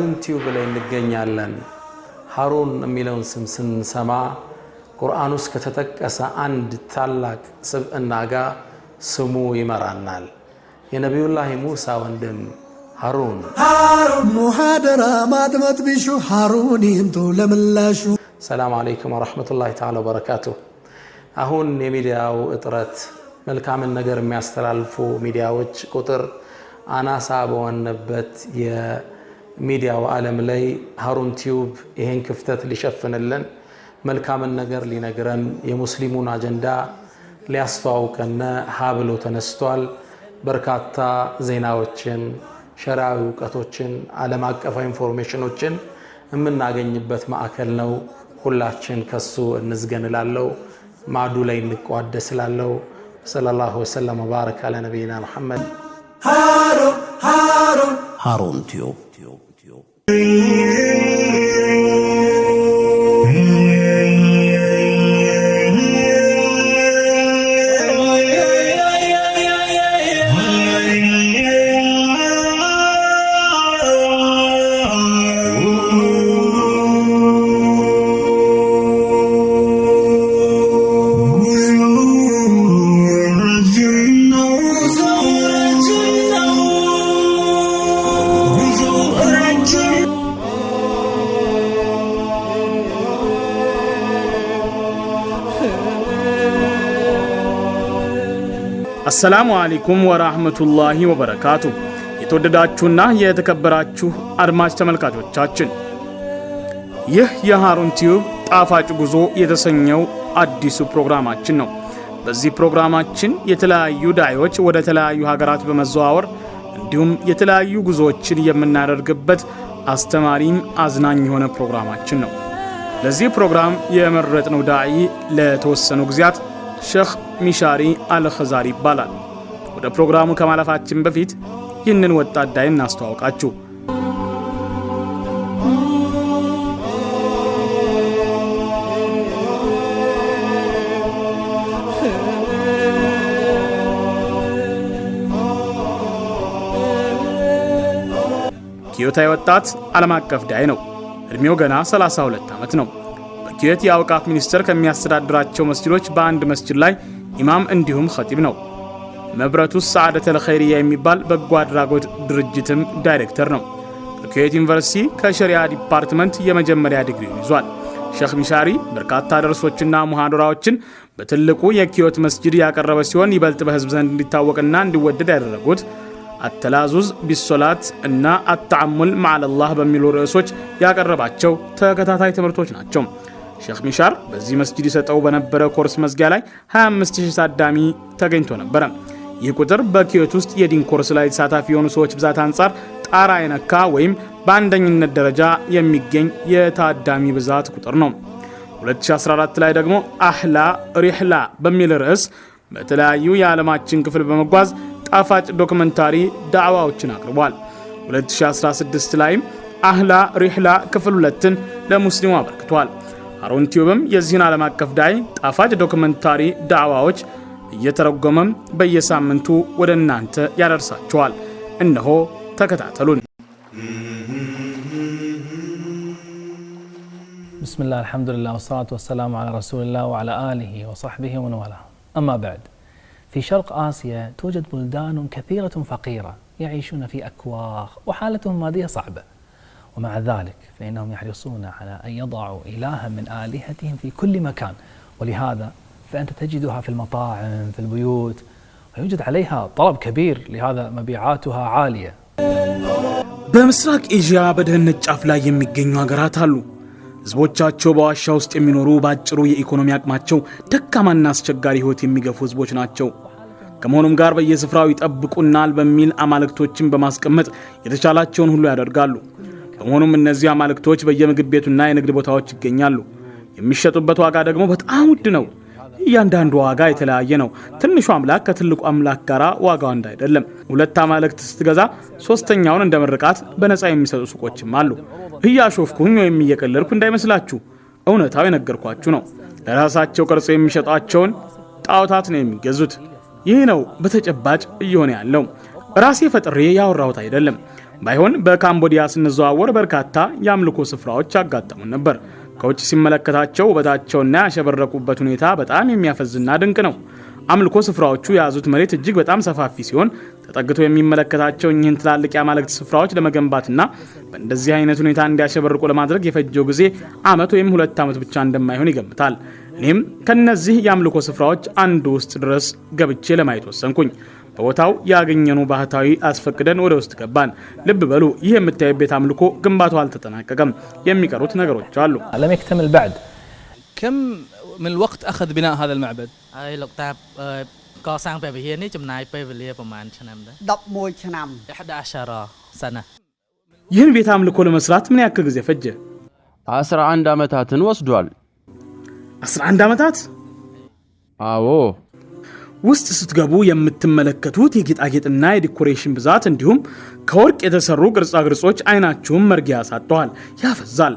ቁርአንን ቲዩብ ላይ እንገኛለን። ሀሩን የሚለውን ስም ስንሰማ ቁርአን ውስጥ ከተጠቀሰ አንድ ታላቅ ስብዕና ጋር ስሙ ይመራናል። የነቢዩላህ ሙሳ ወንድም ሀሩን ሙሃደራ ማድመጥ ቢሹ ሀሩን ይንቱ ለምላሹ። ሰላም አለይኩም ወረሕመቱላሂ ተዓላ ወበረካቱ። አሁን የሚዲያው እጥረት መልካምን ነገር የሚያስተላልፉ ሚዲያዎች ቁጥር አናሳ በሆነበት ሚዲያው ዓለም ላይ ሀሩን ቲዩብ ይሄን ክፍተት ሊሸፍንልን መልካምን ነገር ሊነግረን የሙስሊሙን አጀንዳ ሊያስተዋውቀን ሀ ብሎ ተነስቷል። በርካታ ዜናዎችን፣ ሸሪዓዊ እውቀቶችን፣ ዓለም አቀፋዊ ኢንፎርሜሽኖችን የምናገኝበት ማዕከል ነው። ሁላችን ከሱ እንዝገን እላለሁ። ማዱ ላይ እንቋደስ እላለሁ። ሰለላሁ ወሰለም ወባረከ አለ ነቢይና መሐመድ ሀሩን ቲዩብ Diop, Diop. አሰላሙ አሌይኩም ወራህመቱላሂ ወበረካቱ። የተወደዳችሁና የተከበራችሁ አድማጭ ተመልካቾቻችን ይህ የሃሩን ቲዩብ ጣፋጭ ጉዞ የተሰኘው አዲሱ ፕሮግራማችን ነው። በዚህ ፕሮግራማችን የተለያዩ ዳዮች ወደ ተለያዩ ሀገራት በመዘዋወር እንዲሁም የተለያዩ ጉዞዎችን የምናደርግበት አስተማሪም አዝናኝ የሆነ ፕሮግራማችን ነው። ለዚህ ፕሮግራም የመረጥነው ዳይ ለተወሰኑ ጊዜያት ሼህ ሚሻሪ አልኸዛሪ ይባላል። ወደ ፕሮግራሙ ከማለፋችን በፊት ይህንን ወጣት ዳይ እናስተዋውቃችሁ። ኪዮታ ወጣት ዓለም አቀፍ ዳይ ነው። ዕድሜው ገና 32 ዓመት ነው። በኪዮት የአውቃት ሚኒስቴር ከሚያስተዳድራቸው መስጅዶች በአንድ መስጅድ ላይ ኢማም እንዲሁም ኸጢብ ነው። መብረቱ ሰዓደተል ኸይርያ የሚባል በጎ አድራጎት ድርጅትም ዳይሬክተር ነው። በኩዌት ዩኒቨርሲቲ ከሸሪያ ዲፓርትመንት የመጀመሪያ ዲግሪውን ይዟል። ሸክ ሚሻሪ በርካታ ደርሶችና ሙሃዶራዎችን በትልቁ የኪዮት መስጂድ ያቀረበ ሲሆን ይበልጥ በህዝብ ዘንድ እንዲታወቅና እንዲወደድ ያደረጉት አተላዙዝ ቢሶላት እና አተዓሙል ማዓለላህ በሚሉ ርዕሶች ያቀረባቸው ተከታታይ ትምህርቶች ናቸው። ሼክ ሚሻር በዚህ መስጂድ ይሰጠው በነበረ ኮርስ መዝጊያ ላይ 25000 ታዳሚ ተገኝቶ ነበረ። ይህ ቁጥር በኪዮት ውስጥ የዲን ኮርስ ላይ ተሳታፊ የሆኑ ሰዎች ብዛት አንጻር ጣራ የነካ ወይም በአንደኝነት ደረጃ የሚገኝ የታዳሚ ብዛት ቁጥር ነው። 2014 ላይ ደግሞ አህላ ሪህላ በሚል ርዕስ በተለያዩ የዓለማችን ክፍል በመጓዝ ጣፋጭ ዶክመንታሪ ዳዕዋዎችን አቅርቧል። 2016 ላይም አህላ ሪህላ ክፍል ሁለትን ለሙስሊሙ አበርክቷል። ሀሩን ቲዩብም የዚህን ዓለም አቀፍ ዳይ ጣፋጭ ዶክመንታሪ ዳዕዋዎች እየተረጎመም በየሳምንቱ ወደ እናንተ ያደርሳችኋል። እነሆ ተከታተሉን። ብስሚላህ አልሐምዱሊላህ ወሰላቱ ወሰላሙ ዐላ ረሱሊላህ ወዐላ አሊሂ ወሰሕቢሂ ወመን ዋላህ አማ በዕድ في شرق آسيا توجد بلدان كثيرة فقيرة يعيشون في أكواخ وحالتهم مادية صعبة ومع ذلك فإنهم يحرصون على أن يضعوا إلها من آلهتهم في كل مكان ولهذا فأنت تجدها في المطاعم في البيوت ويوجد عليها طلب كبير لهذا مبيعاتها عالية በምስራቅ ኤዥያ በድህነት ጫፍ ላይ የሚገኙ ሀገራት አሉ። ህዝቦቻቸው በዋሻ ውስጥ የሚኖሩ በአጭሩ የኢኮኖሚ አቅማቸው ደካማና አስቸጋሪ ሕይወት የሚገፉ ህዝቦች ናቸው። ከመሆኑም ጋር በየስፍራው ይጠብቁናል በሚል አማልክቶችን በማስቀመጥ የተቻላቸውን ሁሉ ያደርጋሉ። በመሆኑም እነዚህ አማልክቶች በየምግብ ቤቱና የንግድ ቦታዎች ይገኛሉ። የሚሸጡበት ዋጋ ደግሞ በጣም ውድ ነው። እያንዳንዱ ዋጋ የተለያየ ነው። ትንሹ አምላክ ከትልቁ አምላክ ጋር ዋጋው አንድ አይደለም። ሁለት አማልክት ስትገዛ ሶስተኛውን እንደ ምርቃት በነፃ የሚሰጡ ሱቆችም አሉ። እያሾፍኩኝ ወይም እየቀለድኩ እንዳይመስላችሁ፣ እውነታው የነገርኳችሁ ነው። ለራሳቸው ቅርጽ የሚሸጧቸውን ጣዖታት ነው የሚገዙት። ይህ ነው በተጨባጭ እየሆነ ያለው። ራሴ ፈጥሬ ያወራሁት አይደለም። ባይሆን በካምቦዲያ ስንዘዋወር በርካታ የአምልኮ ስፍራዎች ያጋጠሙን ነበር። ከውጭ ሲመለከታቸው ውበታቸውና ያሸበረቁበት ሁኔታ በጣም የሚያፈዝና ድንቅ ነው። አምልኮ ስፍራዎቹ የያዙት መሬት እጅግ በጣም ሰፋፊ ሲሆን ተጠግቶ የሚመለከታቸው እኚህን ትላልቅ የአማልክት ስፍራዎች ለመገንባትና በእንደዚህ አይነት ሁኔታ እንዲያሸበርቁ ለማድረግ የፈጀው ጊዜ አመት ወይም ሁለት ዓመት ብቻ እንደማይሆን ይገምታል። እኔም ከነዚህ የአምልኮ ስፍራዎች አንዱ ውስጥ ድረስ ገብቼ ለማየት ወሰንኩኝ። በቦታው ያገኘኑ ባህታዊ አስፈቅደን ወደ ውስጥ ገባን። ልብ በሉ ይህ የምታዩት ቤት አምልኮ ግንባቱ አልተጠናቀቀም፣ የሚቀሩት ነገሮች አሉ። ለም የክተምል በዕድ ከም ምን ወቅት አኸዝ ቢና ሀዘ ልመዕበድ ሎቅታ ከሳን በብሄ ጅምናይ በብልየ በማን ችነም ዳቅሞች ናም ሕዳ አሸራ ሰነ ይህን ቤት አምልኮ ለመስራት ምን ያክል ጊዜ ፈጀ? 11 ዓመታትን ወስዷል። 11 ዓመታት? አዎ ውስጥ ስትገቡ የምትመለከቱት የጌጣጌጥና የዲኮሬሽን ብዛት እንዲሁም ከወርቅ የተሰሩ ቅርጻቅርጾች አይናችሁን መርጊያ ያሳጠዋል፣ ያፈዛል።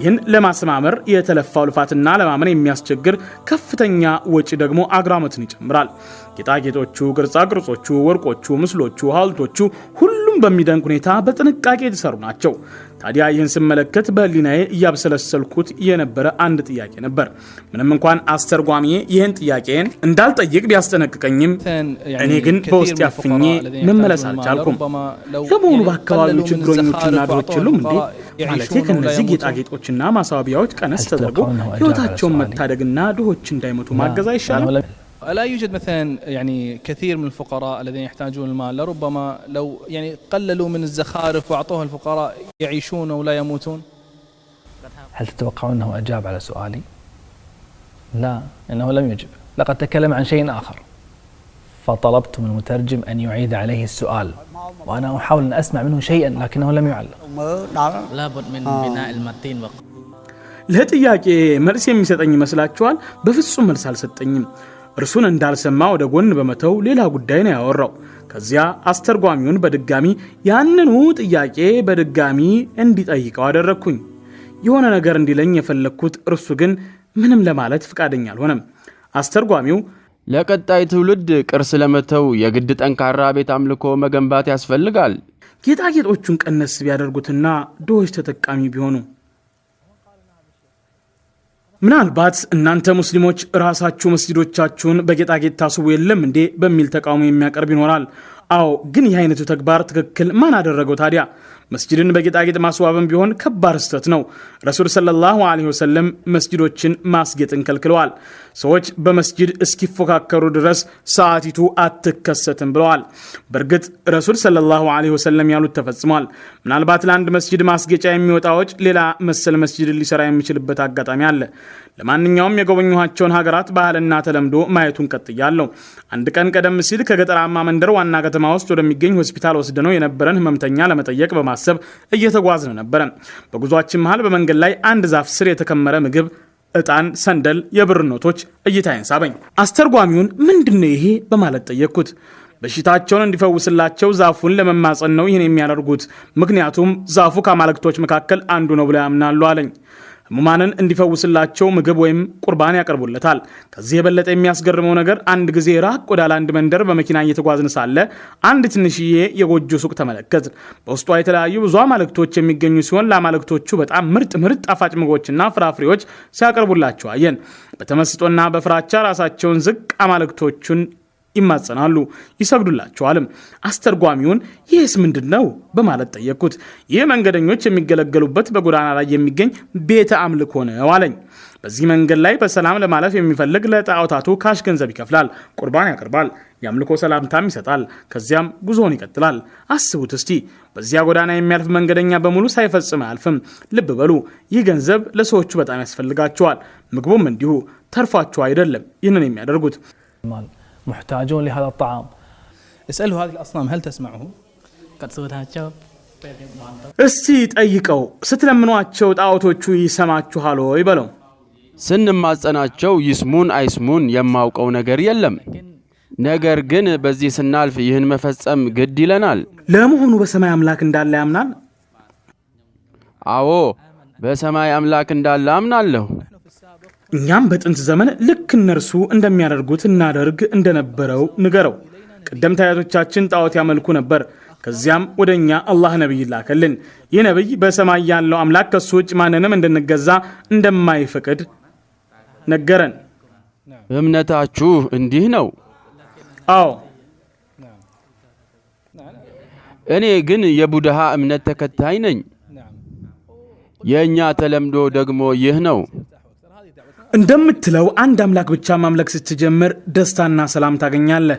ይህን ለማሰማመር የተለፋው ልፋትና ለማመን የሚያስቸግር ከፍተኛ ወጪ ደግሞ አግራሞትን ይጨምራል። ጌጣጌጦቹ፣ ቅርጾቹ፣ ወርቆቹ፣ ምስሎቹ፣ ሐውልቶቹ ሁሉም በሚደንቅ ሁኔታ በጥንቃቄ የተሰሩ ናቸው። ታዲያ ይህን ስመለከት በሕሊናዬ እያብሰለሰልኩት የነበረ አንድ ጥያቄ ነበር። ምንም እንኳን አስተርጓሜ ይህን ጥያቄን እንዳልጠይቅ ቢያስጠነቅቀኝም እኔ ግን በውስጥ ያፍኜ መመለስ አልቻልኩም። ለመሆኑ በአካባቢው ችግረኞችና ድሆች የሉም እንዴ? ማለቴ ከነዚህ ጌጣጌጦችና ማስዋቢያዎች ቀነስ ተደርጎ ህይወታቸውን መታደግና ድሆች እንዳይመቱ ማገዝ አይሻልም? لا يوجد مثلا يعني كثير من الفقراء الذين يحتاجون المال لربما لو يعني قللوا من الزخارف واعطوها الفقراء يعيشون ولا يموتون هل تتوقعون انه اجاب على سؤالي؟ لا انه لم يجب لقد تكلم عن شيء اخر فطلبت من المترجم ان يعيد عليه السؤال وانا احاول ان اسمع منه شيئا لكنه لم يعلق لابد من آه. بناء المتين لا تياكي مرسي የሚሰጠኝ ይመስላችኋል? بفصو مرسال አልሰጠኝም። እርሱን እንዳልሰማ ወደ ጎን በመተው ሌላ ጉዳይ ነው ያወራው። ከዚያ አስተርጓሚውን በድጋሚ ያንኑ ጥያቄ በድጋሚ እንዲጠይቀው አደረግኩኝ። የሆነ ነገር እንዲለኝ የፈለግኩት እርሱ ግን ምንም ለማለት ፈቃደኛ አልሆነም። አስተርጓሚው ለቀጣይ ትውልድ ቅርስ ለመተው የግድ ጠንካራ ቤት አምልኮ መገንባት ያስፈልጋል። ጌጣጌጦቹን ቀነስ ቢያደርጉትና ድሆች ተጠቃሚ ቢሆኑ ምናልባት እናንተ ሙስሊሞች ራሳችሁ መስጂዶቻችሁን በጌጣጌጥ ታስቡ የለም እንዴ በሚል ተቃውሞ የሚያቀርብ ይኖራል። አዎ ግን ይህ አይነቱ ተግባር ትክክል ማን አደረገው ታዲያ? መስጅድን በጌጣጌጥ ማስዋብም ቢሆን ከባድ ስህተት ነው። ረሱል ሰለላሁ ዐለይሂ ወሰለም መስጅዶችን ማስጌጥን ከልክለዋል። ሰዎች በመስጅድ እስኪፎካከሩ ድረስ ሰዓቲቱ አትከሰትም ብለዋል። በእርግጥ ረሱል ሰለላሁ ዐለይሂ ወሰለም ያሉት ተፈጽሟል። ምናልባት ለአንድ መስጅድ ማስጌጫ የሚወጣ ወጪ ሌላ መሰል መስጅድን ሊሰራ የሚችልበት አጋጣሚ አለ። ለማንኛውም የጎበኘኋቸውን ሀገራት ባህልና ተለምዶ ማየቱን ቀጥያለሁ። አንድ ቀን ቀደም ሲል ከገጠራማ መንደር ዋና ከተማ ውስጥ ወደሚገኝ ሆስፒታል ወስደነው የነበረን ህመምተኛ ለመጠየቅ በማሰብ እየተጓዝን ነበረ። በጉዟችን መሃል በመንገድ ላይ አንድ ዛፍ ስር የተከመረ ምግብ እጣን፣ ሰንደል፣ የብር ኖቶች እይታዬን ሳበኝ። አስተርጓሚውን ምንድን ነው ይሄ በማለት ጠየቅኩት። በሽታቸውን እንዲፈውስላቸው ዛፉን ለመማፀን ነው ይህን የሚያደርጉት፣ ምክንያቱም ዛፉ ከአማልክቶች መካከል አንዱ ነው ብለው ያምናሉ አለኝ። ህሙማንን እንዲፈውስላቸው ምግብ ወይም ቁርባን ያቀርቡለታል። ከዚህ የበለጠ የሚያስገርመው ነገር አንድ ጊዜ ራቅ ወዳለ አንድ መንደር በመኪና እየተጓዝን ሳለ አንድ ትንሽዬ የጎጆ ሱቅ ተመለከት በውስጧ የተለያዩ ብዙ አማልክቶች የሚገኙ ሲሆን ለአማልክቶቹ በጣም ምርጥ ምርጥ ጣፋጭ ምግቦችና ፍራፍሬዎች ሲያቀርቡላቸው አየን። በተመስጦና በፍራቻ ራሳቸውን ዝቅ አማልክቶቹን ይማጸናሉ፣ ይሰግዱላቸዋልም። አስተርጓሚውን ይህስ ምንድን ነው በማለት ጠየቅኩት። ይህ መንገደኞች የሚገለገሉበት በጎዳና ላይ የሚገኝ ቤተ አምልኮ ነው አለኝ። በዚህ መንገድ ላይ በሰላም ለማለፍ የሚፈልግ ለጣዖታቱ ካሽ ገንዘብ ይከፍላል፣ ቁርባን ያቀርባል፣ የአምልኮ ሰላምታም ይሰጣል። ከዚያም ጉዞውን ይቀጥላል። አስቡት እስቲ በዚያ ጎዳና የሚያልፍ መንገደኛ በሙሉ ሳይፈጽም አያልፍም። ልብ በሉ፣ ይህ ገንዘብ ለሰዎቹ በጣም ያስፈልጋቸዋል። ምግቡም እንዲሁ ተርፏቸው አይደለም ይህንን የሚያደርጉት محتاجون لهذا الطعام اسأله هذه الأصنام هل تسمعه؟ قد صوتها እስቲ ጠይቀው ስትለምኗቸው ጣዖቶቹ ይሰማችኋል ወይ በለው። ስንማጸናቸው ይስሙን አይስሙን የማውቀው ነገር የለም። ነገር ግን በዚህ ስናልፍ ይህን መፈጸም ግድ ይለናል። ለመሆኑ በሰማይ አምላክ እንዳለ ያምናል? አዎ በሰማይ አምላክ እንዳለ አምናለሁ። እኛም በጥንት ዘመን ልክ እነርሱ እንደሚያደርጉት እናደርግ እንደነበረው ንገረው። ቀደምት አያቶቻችን ጣዖት ያመልኩ ነበር። ከዚያም ወደ እኛ አላህ ነቢይ ላከልን። ይህ ነቢይ በሰማይ ያለው አምላክ ከሱ ውጭ ማንንም እንድንገዛ እንደማይፈቅድ ነገረን። እምነታችሁ እንዲህ ነው? አዎ። እኔ ግን የቡድሃ እምነት ተከታይ ነኝ። የእኛ ተለምዶ ደግሞ ይህ ነው። እንደምትለው አንድ አምላክ ብቻ ማምለክ ስትጀምር ደስታና ሰላም ታገኛለህ።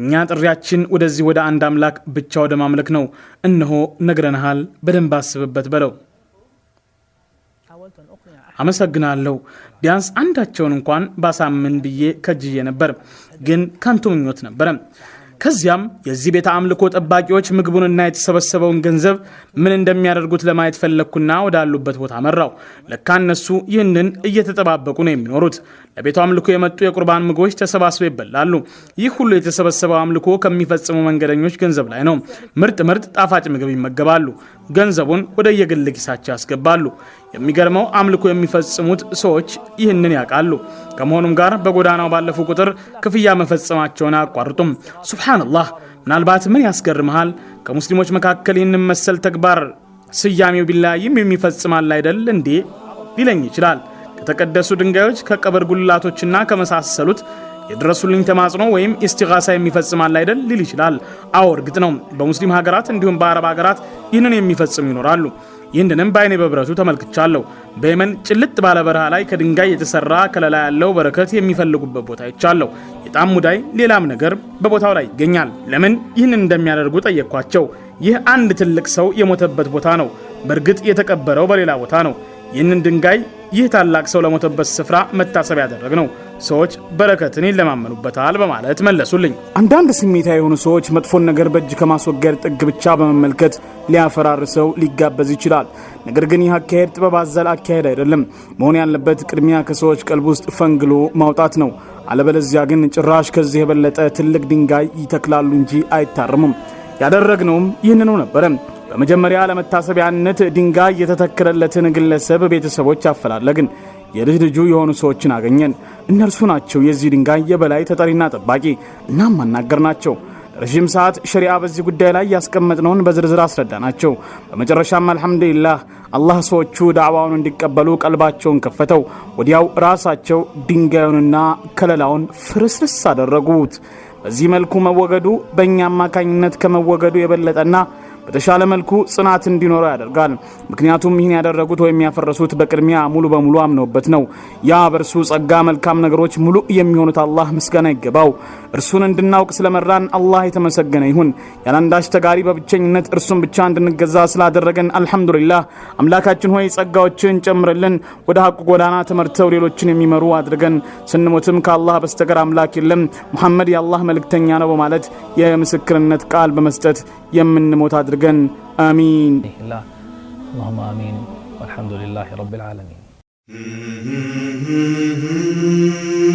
እኛ ጥሪያችን ወደዚህ ወደ አንድ አምላክ ብቻ ወደ ማምለክ ነው። እነሆ ነግረንሃል፣ በደንብ አስብበት በለው። አመሰግናለሁ። ቢያንስ አንዳቸውን እንኳን ባሳምን ብዬ ከጅዬ ነበር፣ ግን ከንቱ ምኞት ነበረ። ከዚያም የዚህ ቤተ አምልኮ ጠባቂዎች ምግቡንና የተሰበሰበውን ገንዘብ ምን እንደሚያደርጉት ለማየት ፈለግኩና ወዳሉበት ቦታ መራው። ለካ እነሱ ይህንን እየተጠባበቁ ነው የሚኖሩት። ለቤቱ አምልኮ የመጡ የቁርባን ምግቦች ተሰባስበው ይበላሉ። ይህ ሁሉ የተሰበሰበው አምልኮ ከሚፈጽሙ መንገደኞች ገንዘብ ላይ ነው። ምርጥ ምርጥ ጣፋጭ ምግብ ይመገባሉ። ገንዘቡን ወደ የግል ኪሳቸው ያስገባሉ። የሚገርመው አምልኮ የሚፈጽሙት ሰዎች ይህንን ያውቃሉ። ከመሆኑም ጋር በጎዳናው ባለፉ ቁጥር ክፍያ መፈጸማቸውን አያቋርጡም። ሱብሓነላህ። ምናልባት ምን ያስገርመሃል? ከሙስሊሞች መካከል ይህንን መሰል ተግባር ስያሜው ቢለያይም የሚፈጽማል አይደል እንዴ ሊለኝ ይችላል። ከተቀደሱ ድንጋዮች ከቀብር ጉልላቶችና ከመሳሰሉት የድረሱልኝ ተማጽኖ ወይም ኢስቲጋሳ የሚፈጽማል አይደል ሊል ይችላል። አዎ እርግጥ ነው በሙስሊም ሀገራት እንዲሁም በአረብ ሀገራት ይህንን የሚፈጽሙ ይኖራሉ። ይህንንም በአይኔ በብረቱ ተመልክቻለሁ። በየመን ጭልጥ ባለ በረሃ ላይ ከድንጋይ የተሰራ ከለላ ያለው በረከት የሚፈልጉበት ቦታ ይቻለሁ። የጣም ሙዳይ ሌላም ነገር በቦታው ላይ ይገኛል። ለምን ይህንን እንደሚያደርጉ ጠየቅኳቸው። ይህ አንድ ትልቅ ሰው የሞተበት ቦታ ነው። በእርግጥ የተቀበረው በሌላ ቦታ ነው። ይህንን ድንጋይ ይህ ታላቅ ሰው ለሞተበት ስፍራ መታሰብ ያደረግ ነው። ሰዎች በረከትን ይለማመኑበታል በማለት መለሱልኝ። አንዳንድ ስሜታ የሆኑ ሰዎች መጥፎን ነገር በእጅ ከማስወገድ ጥግ ብቻ በመመልከት ሊያፈራርሰው ሊጋበዝ ይችላል። ነገር ግን ይህ አካሄድ ጥበብ አዘል አካሄድ አይደለም። መሆን ያለበት ቅድሚያ ከሰዎች ቀልብ ውስጥ ፈንግሎ ማውጣት ነው። አለበለዚያ ግን ጭራሽ ከዚህ የበለጠ ትልቅ ድንጋይ ይተክላሉ እንጂ አይታርሙም። ያደረግነውም ይህንኑ ነበረ። በመጀመሪያ ለመታሰቢያነት ድንጋይ የተተከለለትን ግለሰብ ቤተሰቦች አፈላለግን። የልጅ ልጁ የሆኑ ሰዎችን አገኘን። እነርሱ ናቸው የዚህ ድንጋይ የበላይ ተጠሪና ጠባቂ። እናም ማናገር ናቸው ረዥም ሰዓት ሸሪዓ በዚህ ጉዳይ ላይ ያስቀመጥነውን በዝርዝር አስረዳ ናቸው። በመጨረሻም አልሐምዱሊላህ አላህ ሰዎቹ ዳዕዋውን እንዲቀበሉ ቀልባቸውን ከፈተው፣ ወዲያው ራሳቸው ድንጋዩንና ከለላውን ፍርስርስ አደረጉት። በዚህ መልኩ መወገዱ በእኛ አማካኝነት ከመወገዱ የበለጠና በተሻለ መልኩ ጽናት እንዲኖረው ያደርጋል። ምክንያቱም ይህን ያደረጉት ወይም ያፈረሱት በቅድሚያ ሙሉ በሙሉ አምነውበት ነው። ያ በእርሱ ጸጋ መልካም ነገሮች ሙሉ የሚሆኑት አላህ ምስጋና ይገባው። እርሱን እንድናውቅ ስለመራን አላህ የተመሰገነ ይሁን። ያላንዳች ተጋሪ በብቸኝነት እርሱን ብቻ እንድንገዛ ስላደረገን አልሐምዱሊላህ። አምላካችን ሆይ ጸጋዎችን ጨምርልን፣ ወደ ሐቁ ጎዳና ተመርተው ሌሎችን የሚመሩ አድርገን። ስንሞትም ከአላህ በስተቀር አምላክ የለም፣ ሙሐመድ የአላህ መልእክተኛ ነው በማለት የምስክርነት ቃል በመስጠት የምንሞት አድርገን። አሚን። አላሁማ